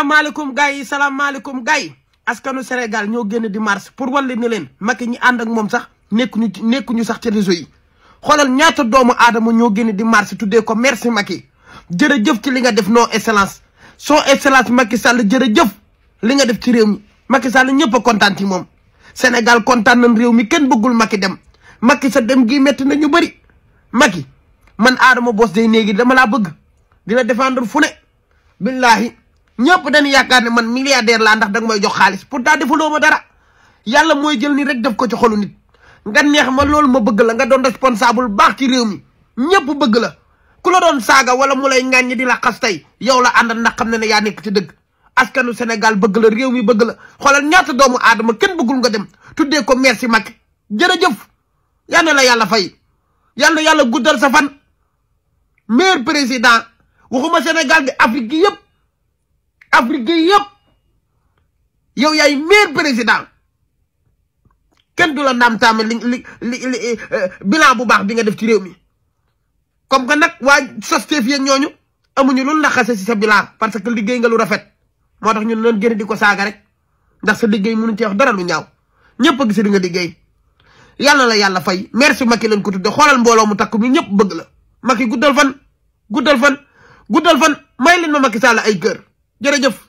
salaamaaleykum gars yi salaamaaleykum gars yi askanu Sénégal ñoo génn di mars pour wàllu ni leen Macky ñi ànd ak moom sax nekkuñu nekkuñu sax ci réseau yi xoolal ñaata doomu aadama ñoo génn di mars tuddee ko merci Macky jërëjëf ci li nga def non excellence son excellence Macky Sall jërëjëf li nga def ci réew mi Macky Sall ñëpp a kontaan ci moom Sénégal kontaan réew mi kenn bëggul maki dem Macky sa dem gi métti na ñu bëri Macky man Adama bos day néegi dama laa bëgg di la défendre fu ne ñëpp dañuy yaakaar ne man milliardaire laa ndax danga may jox xaalis pourtant defuloo ma dara yàlla mooy jël ni rek def ko ci xolu nit nga neex ma loolu ma bëgg la nga doon responsable baax ci réew mi ñëpp bëgg la ku la doon saaga wala mu lay ŋàññi di la xas tey yow la àndal ndax xam na ne yaa nekk ci dëgg askanu Sénégal bëgg la réew mi bëgg la xoolal ñaata doomu aadama kenn bëggul nga dem tuddee ko merci Macky jërëjëf yal na la yàlla fay yal na yàlla guddal sa fan meilleur président waxuma Sénégal bi Afrique gi yëpp Afrique gi yëpp yow yaay meilleur président kenn du la naam taame li li li eh, bilan bu baax bi nga def ci réew mi comme que nag waa sosté fi ñooñu amuñu lu naxase si sa bilan parce que liggéey nga lu rafet moo tax ñun loon gën di ko saaga rek ndax sa liggéey mënu ci wax dara lu ñaaw ñëpp a gis di nga liggéey yàlla la yàlla fay merci Macky leen ko tudde xoolal mbooloo mu takku mi ñëpp bëgg la Macky guddal fan guddal fan guddal fan may leen ma maki Sall ay kër jërëjëf